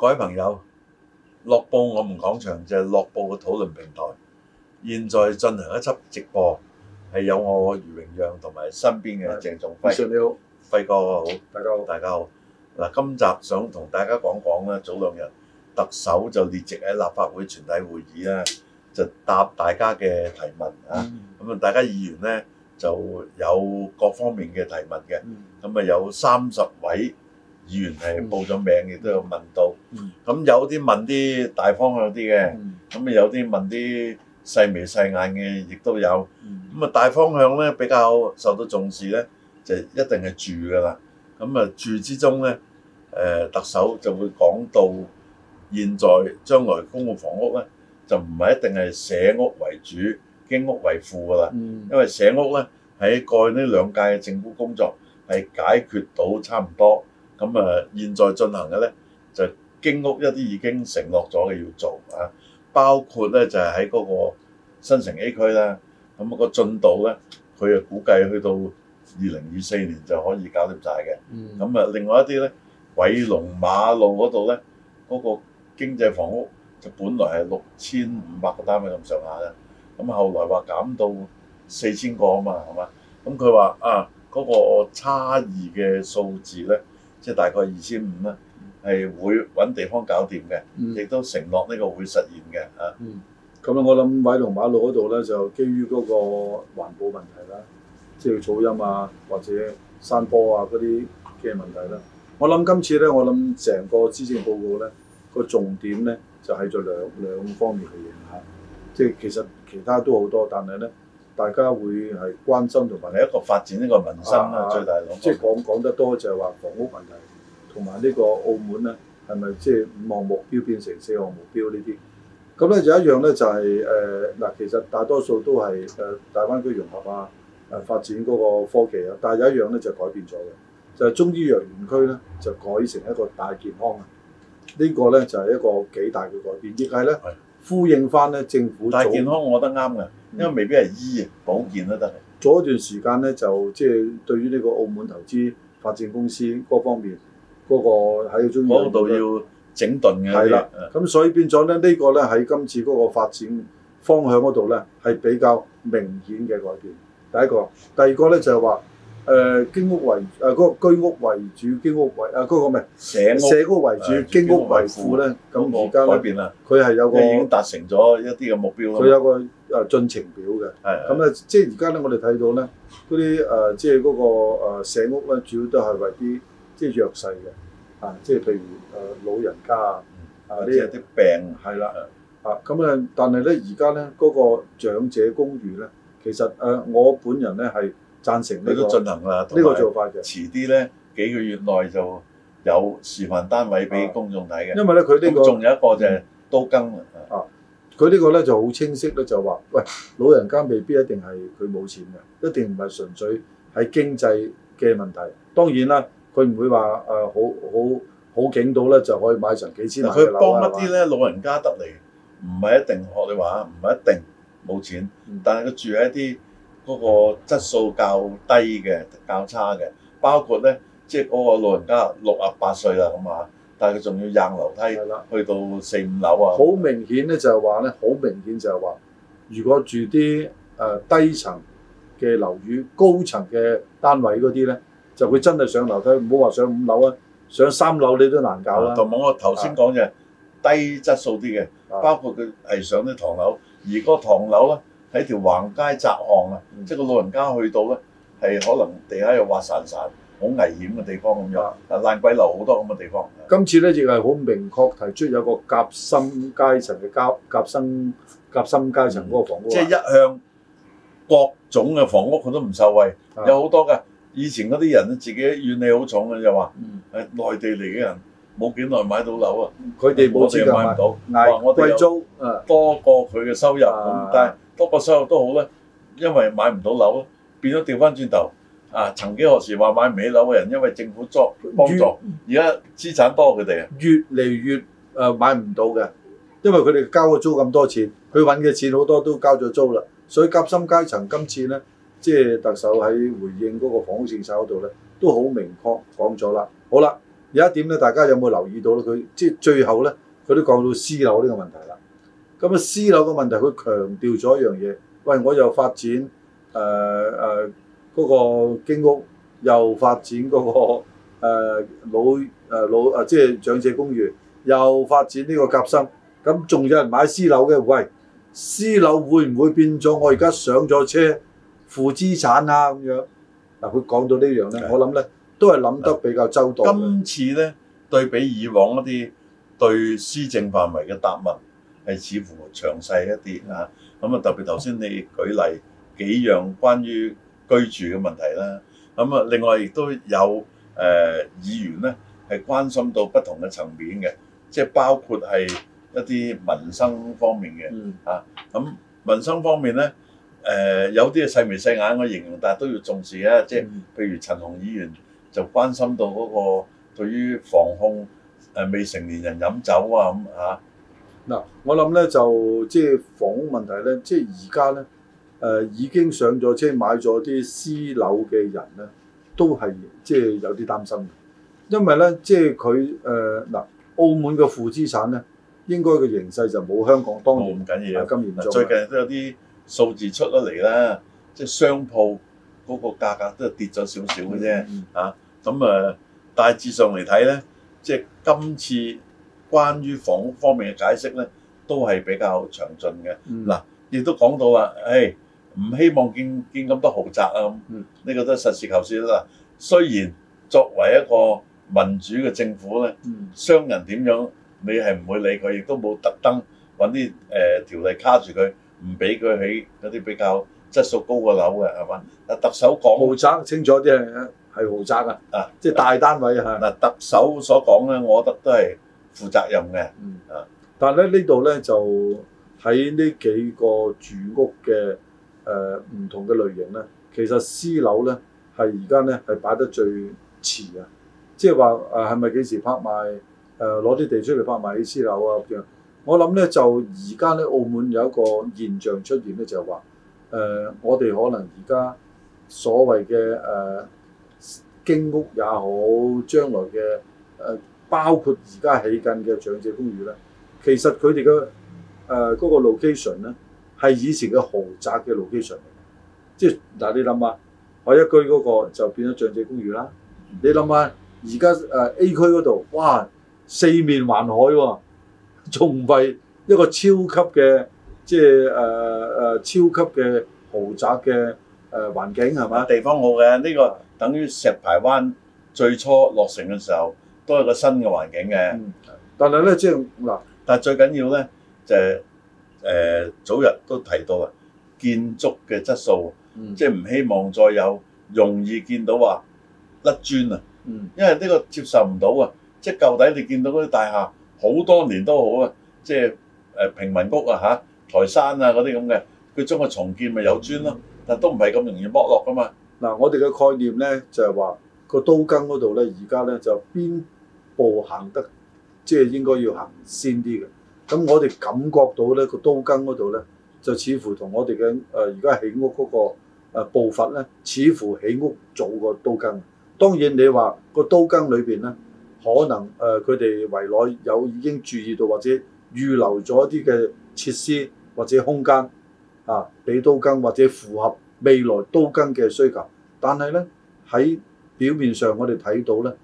各位朋友，樂報我們講場就係樂報嘅討論平台。現在進行一輯直播，係有我余榮陽同埋身邊嘅鄭仲輝。你好，輝哥好，大家好，大家好。嗱，今集想同大家講講咧，早兩日特首就列席喺立法會全體會議啦，就答大家嘅提問啊。咁啊，大家議員咧就有各方面嘅提問嘅，咁啊有三十位。議員係報咗名，亦都有問到。咁有啲問啲大方向啲嘅，咁啊有啲問啲細眉細眼嘅，亦都有。咁啊大方向咧比較受到重視咧，就一定係住噶啦。咁啊住之中咧，誒特首就會講到現在將來公共房屋咧，就唔係一定係社屋為主，經屋為輔噶啦。因為社屋咧喺過去呢兩屆嘅政府工作係解決到差唔多，咁啊，現在進行嘅咧就經、是、屋一啲已經承諾咗嘅要做啊，包括咧就係喺嗰個新城 A 區啦。咁、啊、個進度咧，佢啊估計去到二零二四年就可以搞掂曬嘅。咁啊、嗯，另外一啲咧，偉龍馬路嗰度咧，嗰、那個經濟房屋就本來係六千五百個單位咁上下啦。咁、啊、後來話減到四千個啊嘛，係嘛？咁佢話啊，嗰、那個差異嘅數字咧。即係大概二千五啦，係會揾地方搞掂嘅，亦都承諾呢個會實現嘅嚇。咁、嗯嗯、樣我諗偉龍馬路嗰度咧，就基於嗰個環保問題啦，即係噪音啊或者山坡啊嗰啲嘅問題啦。我諗今次咧，我諗成個施政報告咧個重點咧就喺、是、咗兩兩方面去影嚇，即、啊、係其實其他都好多，但係咧。大家會係關心同埋係一個發展一個民生啦，最大嘅，即係講講得多就係話房屋問題，同埋呢個澳門咧，係咪即係五項目標變成四項目標呢啲？咁咧就一樣咧就係誒嗱，其實大多數都係誒、呃、大灣區融合啊，誒、呃、發展嗰個科技啊，但係有一樣咧就是、改變咗嘅，就係、是、中醫藥園區咧就改成一個大健康啊！這個、呢個咧就係、是、一個幾大嘅改變，亦係咧。呼應翻咧政府，但健康我覺得啱嘅，因為未必係醫、嗯、保健都得。做一段時間咧，就即係、就是、對於呢個澳門投資發展公司嗰方面，嗰、那個喺中澳度要整頓嘅。係啦的，咁、嗯、所以變咗咧，這個、呢個咧喺今次嗰個發展方向嗰度咧，係比較明顯嘅改變。第一個，第二個咧就係、是、話。誒經屋為誒嗰個居屋為主，經屋為啊嗰個唔係社社嗰個為主，經屋為輔咧。咁而家咧，佢係有個已經達成咗一啲嘅目標啦。佢有個誒進程表嘅。係。咁咧，即係而家咧，我哋睇到咧，嗰啲誒即係嗰個社屋咧，主要都係為啲即係弱勢嘅啊，即係譬如誒老人家啊，啊啲有啲病係啦。啊咁啊，但係咧，而家咧嗰個長者公寓咧，其實誒我本人咧係。贊成、這個，佢都進行啦，呢個做法就遲啲咧幾個月內就有示範單位俾公眾睇嘅。因為咧佢呢個仲有一個就係都更啊。佢是呢個咧就好清晰咧，就話喂老人家未必一定係佢冇錢嘅，一定唔係純粹係經濟嘅問題。當然啦，佢唔會話誒、啊、好好好，好景到咧就可以買成幾千萬佢幫一啲咧老人家得嚟，唔係吧一定學你話唔係一定冇錢，但係佢住喺一啲。嗰個、嗯、質素較低嘅、較差嘅，包括咧，即係嗰個老人家六啊八歲啦，咁啊，但係佢仲要行樓梯，去到四五樓啊，好明顯咧就係話咧，好明顯就係話，如果住啲誒、呃、低層嘅樓宇、高層嘅單位嗰啲咧，就會真係上樓梯，唔好話上五樓啊，上三樓你都難搞啦。同埋我頭先講嘅低質素啲嘅，嗯、包括佢係上啲唐樓，而嗰唐樓咧。喺條橫街窄巷啊，即係個老人家去到咧，係可能地下又滑潺潺，好危險嘅地方咁樣。啊，爛鬼樓好多咁嘅地方。今次咧亦係好明確提出有個夾心階層嘅夾夾心夾心階層嗰個房屋。即係一向各種嘅房屋佢都唔受惠，有好多㗎。以前嗰啲人自己怨氣好重嘅，就話，係內地嚟嘅人冇幾耐買到樓啊，佢哋冇錢買唔到，我哋租多過佢嘅收入，但係多個收入都好咧，因為買唔到樓咧，變咗調翻轉頭啊！曾幾何時話買唔起樓嘅人，因為政府作幫助，而家越資產多佢哋啊，越嚟越誒買唔到嘅，因為佢哋交咗租咁多錢，佢揾嘅錢好多都交咗租啦，所以夾心階層今次咧，即係特首喺回應嗰個房屋政策嗰度咧，都好明確講咗啦。好啦，有一點咧，大家有冇留意到咧？佢即係最後咧，佢都講到私樓呢個問題啦。咁啊，私樓嘅問題，佢強調咗一樣嘢。喂，我又發展誒誒嗰個經屋，又發展嗰、嗰個、呃、老誒老誒、呃，即係長者公寓，又發展呢個夾心。咁仲有人買私樓嘅？喂，私樓會唔會變咗？我而家上咗車負資產啦、啊、咁樣。嗱，佢講到的呢樣咧，我諗咧都係諗得比較周到。今次咧對比以往一啲對施政範圍嘅答問。係似乎詳細一啲嚇，咁啊特別頭先你舉例幾樣關於居住嘅問題啦，咁啊另外亦都有誒、呃、議員咧係關心到不同嘅層面嘅，即、啊、係包括係一啲民生方面嘅嚇，咁、啊啊啊、民生方面咧誒、呃、有啲細眉細眼嘅形容，但係都要重視嘅、啊，即係譬如陳鴻議員就關心到嗰個對於防控誒、啊、未成年人飲酒啊咁嚇。啊嗱，我諗咧就即係房屋問題咧，即係而家咧誒已經上咗車買咗啲私樓嘅人咧，都係即係有啲擔心嘅，因為咧即係佢誒嗱，澳門嘅負資產咧，應該嘅形勢就冇香港當年今年咁緊要啦。最近都有啲數字出咗嚟啦，即係商鋪嗰個價格都係跌咗少少嘅啫，嚇咁、嗯嗯、啊、呃，大致上嚟睇咧，即係今次。關於房屋方面嘅解釋咧，都係比較詳盡嘅。嗱，亦都講到啦，誒，唔希望建建咁多豪宅啊！呢個都實事求是啦。雖然作為一個民主嘅政府咧，商人點樣你係唔會理佢，亦都冇特登揾啲誒條例卡住佢，唔俾佢起嗰啲比較質素高嘅樓嘅係嘛？啊，特首講豪宅清楚啲啊，係豪宅啊，啊，即係大單位啊。嗱，特首所講咧，我覺得都係。負責任嘅，嗯啊，但係咧，呢度咧就喺呢幾個住屋嘅誒唔同嘅類型咧，其實私樓咧係而家咧係擺得最遲啊！即係話誒係咪幾時拍賣誒攞啲地出嚟拍賣啲私樓啊？咁樣我諗咧就而家咧澳門有一個現象出現咧，就係話誒我哋可能而家所謂嘅誒經屋也好，將來嘅誒。呃包括而家起緊嘅長者公寓咧，其實佢哋嘅誒嗰個 location 咧係以前嘅豪宅嘅 location 嚟，即係嗱你諗下，海一居嗰個就變咗長者公寓啦。你諗下，而家誒 A 區嗰度，哇，四面環海喎，哦，仲唔係一個超級嘅即係誒誒超級嘅豪宅嘅誒、呃、環境係嘛？地方好嘅，呢、這個等於石排灣最初落成嘅時候。都係個新嘅環境嘅，但係咧即係嗱，但係最緊要咧就係誒早日都提到嘅建築嘅質素，即係唔希望再有容易見到話甩磚啊，因為呢個接受唔到啊！即係舊底你見到嗰啲大廈好多年都好啊，即係誒平民屋啊嚇，台山啊嗰啲咁嘅，佢將佢重建咪有磚咯，但都唔係咁容易剝落㗎嘛。嗱，我哋嘅概念咧就係話。個刀根嗰度咧，而家咧就邊步行得，即係應該要行先啲嘅。咁我哋感覺到咧，個刀根嗰度咧，就似乎同我哋嘅誒而家起屋嗰個步伐咧，似乎起屋早過刀根。當然你話個刀根裏邊咧，可能誒佢哋圍內有已經注意到或者預留咗一啲嘅設施或者空間啊，俾刀根或者符合未來刀根嘅需求。但係咧喺表面上我哋睇到咧，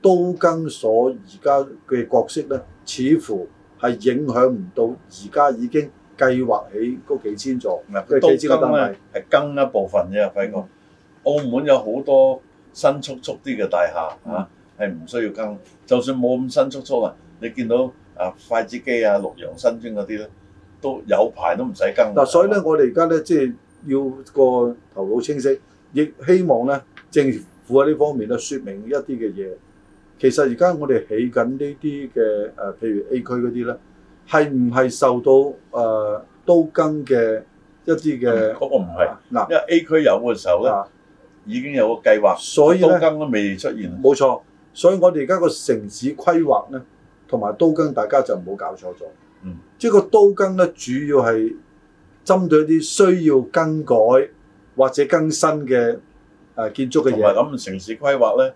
都更所而家嘅角色咧，似乎係影響唔到而家已經計劃起嗰幾千座，唔都都更係係更一部分啫，輝哥。澳門有好多新速速啲嘅大廈，嚇係唔需要更，就算冇咁新速速啊，你見到啊筷子基啊、六洋新村嗰啲咧都有排都唔使更。嗱、啊，所以咧我哋而家咧即係要個頭腦清晰，亦希望咧政。正呢方面咧，説明一啲嘅嘢。其實而家我哋起緊呢啲嘅誒，譬、呃、如 A 區嗰啲咧，係唔係受到誒都更嘅一啲嘅嗰個唔係嗱，那個啊、因為 A 區有嘅時候咧，啊、已經有個計劃，都更都，都未出現。冇錯，所以我哋而家個城市規劃咧，同埋都更，大家就唔好搞錯咗。嗯，即係個都更咧，主要係針對一啲需要更改或者更新嘅。誒建築嘅嘢，同埋咁城市規劃咧，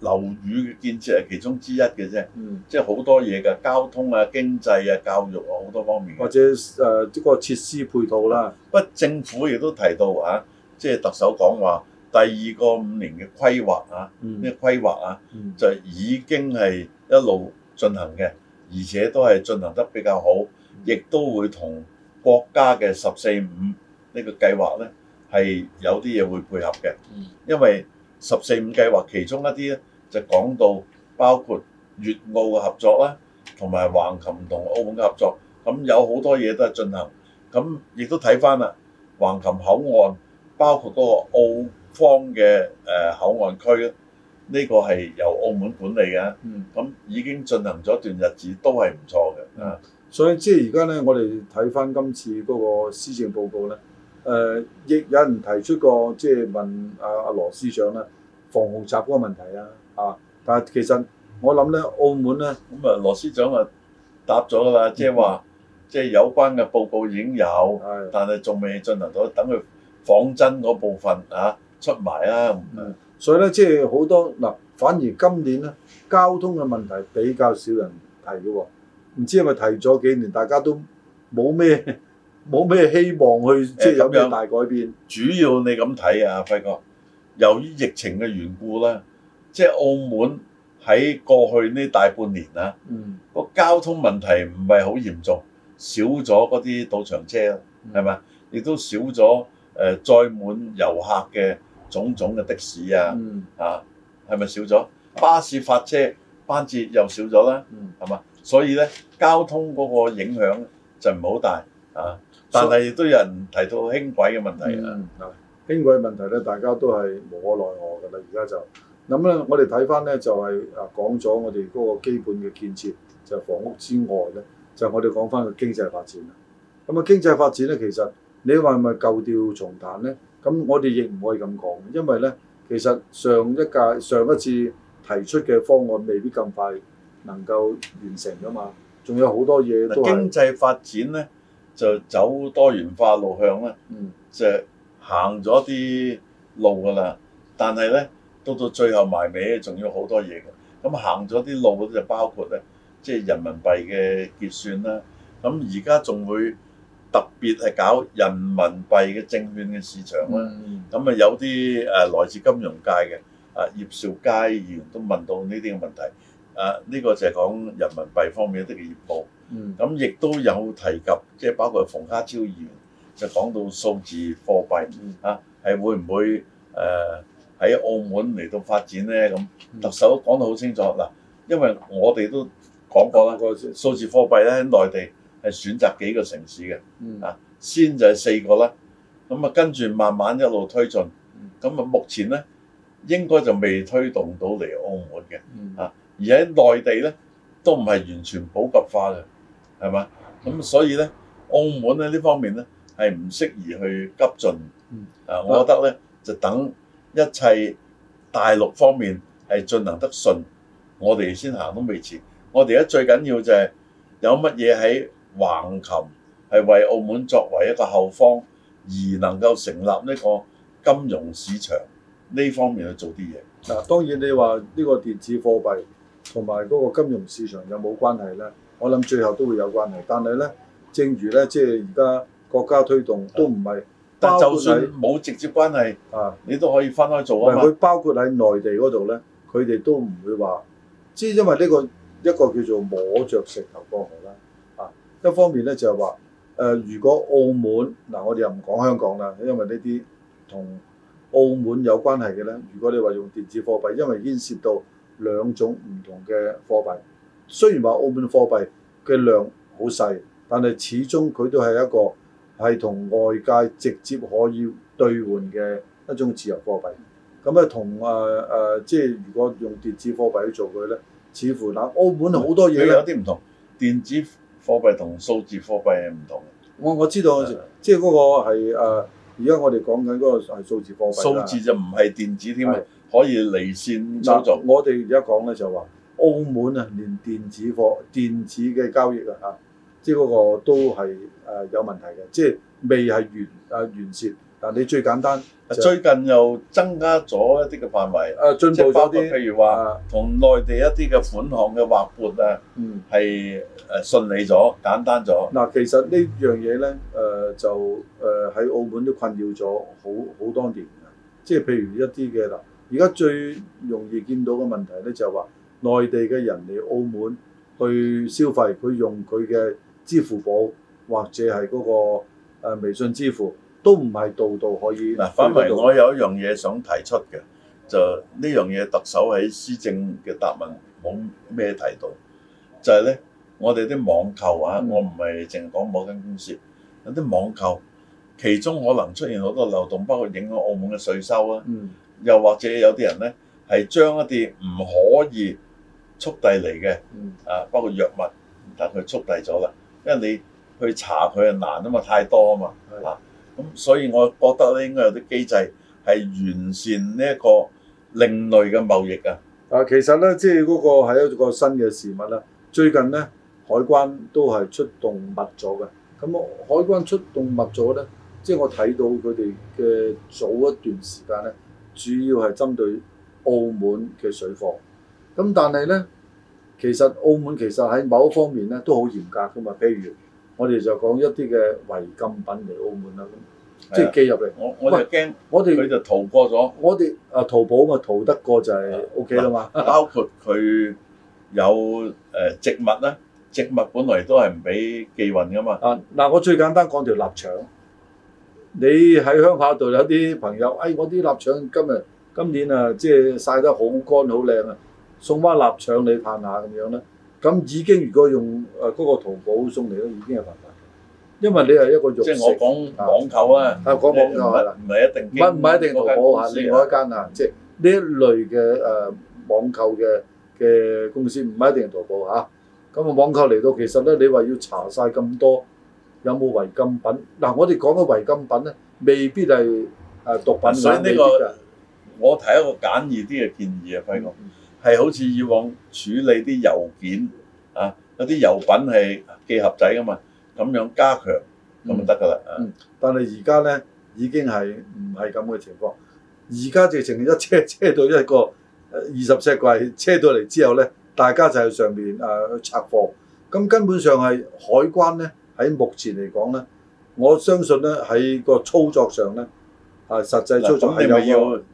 樓宇嘅建設係其中之一嘅啫、嗯。即係好多嘢㗎，交通啊、經濟啊、教育啊好多方面。或者誒，即、呃、係、呢個設施配套啦。不、嗯，政府亦都提到啊，即係特首講話，第二個五年嘅規劃啊，呢、嗯、個規劃啊，嗯、就已經係一路進行嘅，而且都係進行得比較好，亦都會同國家嘅十四五呢個計劃咧。係有啲嘢會配合嘅，因為十四五計劃其中一啲咧，就講到包括粵澳嘅合作啦，同埋橫琴同澳門嘅合作，咁有好多嘢都係進行，咁亦都睇翻啦。橫琴口岸包括嗰個澳方嘅誒口岸區咧，呢個係由澳門管理嘅，咁已經進行咗一段日子都係唔錯嘅。所以即係而家咧，我哋睇翻今次嗰個施政報告咧。誒，亦有人提出過，即係問阿阿羅司長啦，防洪閘嗰個問題啊，啊，但係其實我諗咧，澳門咧，咁啊，羅司長啊答咗噶啦，即係話，即係有關嘅報告已經有，但係仲未進行到，等佢仿真嗰部分啊出埋啦。所以咧，即係好多嗱，反而今年咧交通嘅問題比較少人提嘅喎，唔知係咪提咗幾年大家都冇咩？冇咩希望去，即、就、係、是、有咩大改變？主要你咁睇啊，輝哥，由於疫情嘅緣故咧，即係澳門喺過去呢大半年啊，個、嗯、交通問題唔係好嚴重，少咗嗰啲賭場車啦，係咪、嗯？亦都少咗誒、呃、載滿遊客嘅種種嘅的，的士啊，嗯、啊，係咪少咗？巴士發車班次又少咗啦，係嘛、嗯？所以咧，交通嗰個影響就唔好大啊。但係亦都有人提到輕軌嘅問題啦，嗯嗯、輕軌問題咧，大家都係無可奈何㗎啦。而家就咁咧，我哋睇翻咧就係、係、啊講咗我哋嗰個基本嘅建設就係、房屋之外咧，就係、我哋講翻個經濟發展啦。咁啊經濟發展咧，其實你話係咪舊調重彈咧？咁我哋亦唔可以咁講，因為咧其實上一屆上一次提出嘅方案未必咁快能夠完成㗎嘛，仲、嗯、有好多嘢都係經濟發展咧。就走多元化路向啦，嗯、就行咗啲路噶啦。但係咧，到到最後埋尾，仲要好多嘢嘅。咁行咗啲路，啲，就包括咧，即、就、係、是、人民幣嘅結算啦。咁而家仲會特別係搞人民幣嘅證券嘅市場啦。咁啊、嗯，嗯、有啲誒來自金融界嘅啊葉少佳議員都問到呢啲問題。啊，呢、這個就係講人民幣方面一啲嘅業務。嗯，咁亦都有提及，即係包括馮家超議員就講到數字貨幣，嚇係、嗯啊、會唔會誒喺、呃、澳門嚟到發展咧？咁特首講得好清楚嗱，因為我哋都講過啦，個數、嗯、字貨幣咧內地係選擇幾個城市嘅，啊先就係四個啦，咁啊跟住慢慢一路推進，咁啊、嗯、目前咧應該就未推動到嚟澳門嘅，啊而喺內地咧都唔係完全普及化嘅。係嘛？咁、嗯、所以咧，澳門喺呢方面咧係唔適宜去急進。嗯、啊，我覺得咧就等一切大陸方面係進行得順，我哋先行都未遲。我哋而家最緊要就係有乜嘢喺橫琴係為澳門作為一個後方而能夠成立呢個金融市場呢方面去做啲嘢。嗱，當然你話呢個電子貨幣同埋嗰個金融市場有冇關係咧？嗯我諗最後都會有關係，但係呢，正如呢，即係而家國家推動都唔係，但就算冇直接關係啊，你都可以分開做啊嘛，佢包括喺內地嗰度呢，佢哋都唔會話，即係因為呢個一個叫做摸着石頭過河啦，一方面呢，就係話誒，如果澳門嗱、啊，我哋又唔講香港啦，因為呢啲同澳門有關係嘅呢。如果你話用電子貨幣，因為牽涉到兩種唔同嘅貨幣。雖然話澳門貨幣嘅量好細，但係始終佢都係一個係同外界直接可以兌換嘅一種自由貨幣。咁啊，同誒誒，即係如果用電子貨幣去做佢咧，似乎嗱，澳門好多嘢。佢、嗯、有啲唔同。電子貨幣同數字貨幣係唔同。我我知道，的即係嗰個係誒，而家我哋講緊嗰個係數字貨幣。數字就唔係電子添啊的，可以離線操作、嗯、我哋而家講咧就話。澳門啊，連電子貨、電子嘅交易啊，嚇，即係嗰個都係誒有問題嘅，即係未係完啊完善。但你最簡單、就係，最近又增加咗一啲嘅範圍，誒進步咗啲，譬如話同內地一啲嘅款項嘅劃撥咧、啊，嗯，係誒順利咗，簡單咗。嗱，其實呢樣嘢咧，誒、呃、就誒喺、呃、澳門都困擾咗好好，好多年，即係譬如一啲嘅嗱，而家最容易見到嘅問題咧就係話、是。外地嘅人嚟澳門去消費，佢用佢嘅支付寶或者係嗰個誒微信支付，都唔係度度可以。嗱，反為我有一樣嘢想提出嘅，就呢樣嘢特首喺施政嘅答問冇咩提到，就係咧，我哋啲網購啊，我唔係淨係講某間公司，有啲網購其中可能出現好多漏洞，包括影響澳門嘅稅收啊，嗯、又或者有啲人咧係將一啲唔可以。速遞嚟嘅，啊，包括藥物，但佢速遞咗啦，因為你去查佢啊難啊嘛，太多啊嘛，啊，咁所以我覺得咧應該有啲機制係完善呢一個另類嘅貿易㗎。啊，其實咧即係嗰個係一個新嘅事物啦。最近咧海關都係出動密咗嘅，咁海關出動密咗咧，即係我睇到佢哋嘅早一段時間咧，主要係針對澳門嘅水貨。咁但係咧，其實澳門其實喺某一方面咧都好嚴格噶嘛。譬如我哋就講一啲嘅違禁品嚟澳門啦，咁即係寄入嚟。我我就驚，我哋佢就逃過咗。我哋啊，淘寶嘛，逃得過就係 OK 啦嘛。包括佢有誒植物啦，植物本來都係唔俾寄運噶嘛。啊嗱、啊，我最簡單講條臘腸，你喺鄉下度有啲朋友，哎，我啲臘腸今日今年啊，即係曬得好乾好靚啊！送翻臘腸你攤下咁樣咧，咁已經如果用誒嗰個淘寶送嚟都已經係合法，因為你係一個肉食。即係我講網購啊。係講網購係啦，唔係一定唔係唔係一定淘寶嚇，另外一間啊，即係呢一類嘅誒網購嘅嘅公司，唔係一定係淘寶嚇。咁啊網購嚟到，其實咧你話要查晒咁多有冇違禁品，嗱我哋講嘅違禁品咧，未必係誒毒品嚟。所以呢個我提一個簡易啲嘅建議啊，費哥。係好似以往處理啲郵件啊，有啲郵品係寄盒仔噶嘛，咁樣加強咁就得噶啦。但係而家呢，已經係唔係咁嘅情況，而家直情一車車到一個二十尺櫃車到嚟之後呢，大家就係上面誒、呃、拆貨，咁根本上係海關呢，喺目前嚟講呢，我相信呢，喺個操作上呢，啊，實際操作咪要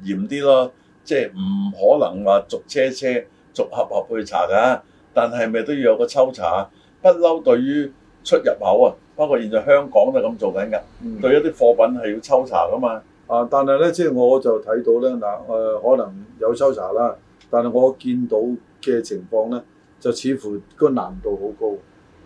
嚴啲咯。即係唔可能話逐車車、逐盒盒去查㗎，但係咪都要有個抽查？不嬲，對於出入口啊，包括現在，在香港都咁做緊㗎，嗯、對於一啲貨品係要抽查㗎嘛。啊，但係咧，即、就、係、是、我就睇到咧嗱，誒、呃、可能有抽查啦，但係我見到嘅情況咧，就似乎個難度好高，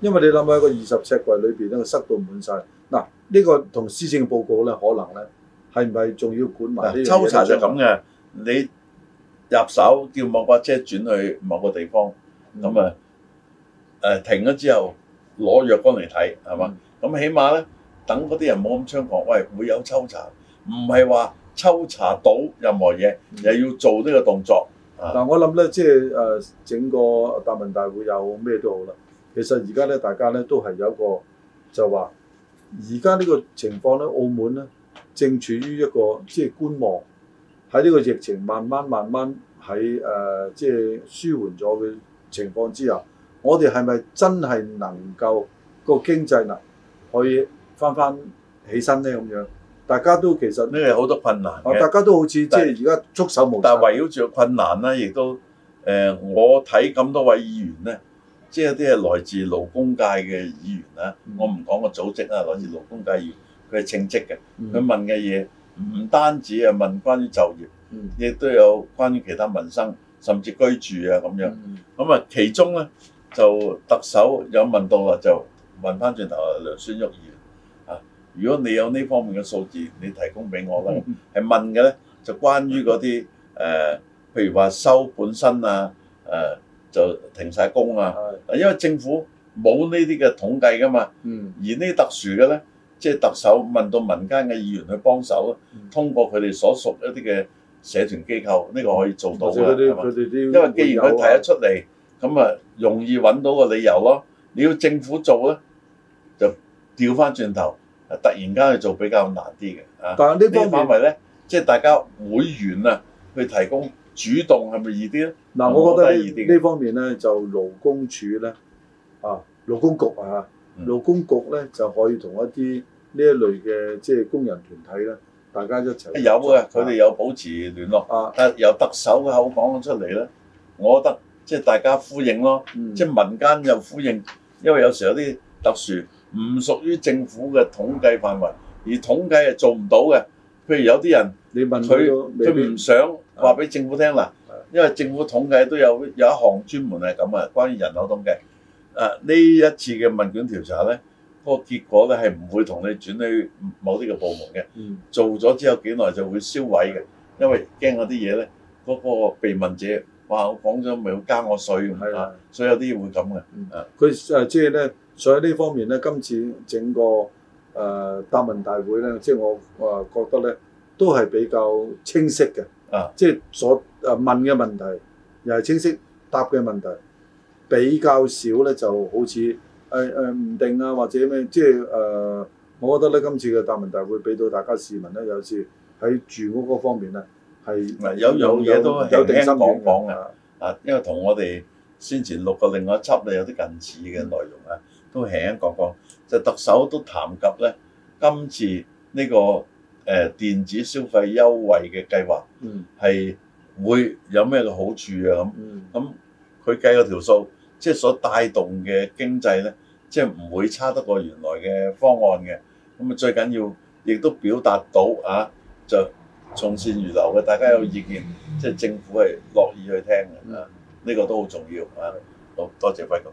因為你諗下個二十尺櫃裏邊咧塞到滿晒。嗱、啊，呢、這個同施政報告咧，可能咧係唔係仲要管埋啲抽查就咁嘅？你入手叫某架車轉去某個地方，咁啊誒停咗之後攞藥方嚟睇，係嘛？咁、嗯、起碼咧，等嗰啲人冇咁猖狂，喂會有抽查，唔係話抽查到任何嘢，嗯、又要做呢個動作。嗱、嗯，啊、我諗咧，即係誒整個答問大會有咩都好啦。其實而家咧，大家咧都係有一個就話，而家呢個情況咧，澳門咧正處於一個即係觀望。喺呢個疫情慢慢慢慢喺誒即係舒緩咗嘅情況之下，我哋係咪真係能夠個經濟能可以翻翻起身咧？咁樣大家都其實呢係好多困難，大家都好似但即係而家束手無。但係圍繞住個困難咧，亦都誒、呃、我睇咁多位議員咧，即係啲係來自勞工界嘅議員啦。我唔講個組織啊，來自勞工界議員，佢係稱職嘅，佢問嘅嘢。嗯唔單止係問關於就業，亦都有關於其他民生，甚至居住啊咁樣。咁啊，其中咧就特首有問到啦，就問翻轉頭梁孫旭議員啊，如果你有呢方面嘅數字，你提供俾我啦。係問嘅咧，就關於嗰啲誒，譬如話收本身啊，誒就停曬工啊，因為政府冇呢啲嘅統計噶嘛。而呢啲特殊嘅咧？即係特首問到民間嘅議員去幫手，通過佢哋所屬一啲嘅社團機構，呢個可以做到。因為既然佢提得出嚟，咁啊容易揾到個理由咯。你要政府做咧，就調翻轉頭，突然間去做比較難啲嘅啊。但係呢方面咧，即係大家會員啊，去提供主動係咪易啲咧？嗱，我覺得係易啲。呢方面咧就勞工處咧啊，勞工局啊。勞工局咧就可以同一啲呢一類嘅即係工人團體咧，大家一齊有嘅的，佢哋、啊、有保持聯絡啊，但由特首嘅口講出嚟咧，啊、我覺得即係、就是、大家呼應咯，嗯、即係民間又呼應，因為有時有啲特殊唔屬於政府嘅統計範圍，嗯、而統計係做唔到嘅，譬如有啲人，你問佢，佢唔想話俾政府聽嗱、嗯嗯，因為政府統計都有有一項專門係咁啊，關於人口統計。啊！呢一次嘅問卷調查咧，個結果咧係唔會同你轉去某啲嘅部門嘅。嗯。做咗之後幾耐就會銷毀嘅，因為驚嗰啲嘢咧，嗰、嗰個被問者話，哇！我講咗咪要加我稅㗎嘛，所以有啲會咁嘅。啊、嗯。佢誒是、呃、即係咧，所以呢方面咧，今次整個誒、呃、答問大會咧，即係我誒、呃、覺得咧，都係比較清晰嘅。啊。即係所誒問嘅問題，又係清晰答嘅問題。比較少咧，就好似誒誒唔定啊，或者咩，即係誒、呃，我覺得咧，今次嘅答問大會俾到大家市民咧，有時喺住屋嗰方面咧，係有嘢都有，有都定心丸啊！啊，因為同我哋先前錄過另外一輯咧，有啲近似嘅內容啊，嗯、都輕輕講講。就是、特首都談及咧，今次呢、呢個誒、呃、電子消費優惠嘅計劃，嗯，係會有咩嘅好處啊？咁咁佢計咗條數。即係所帶動嘅經濟呢，即係唔會差得過原來嘅方案嘅。咁啊，最緊要亦都表達到啊，就從善如流嘅。大家有意見，嗯、即係政府係樂意去聽嘅、嗯、啊。呢、呢個都好重要啊。好，多謝輝哥。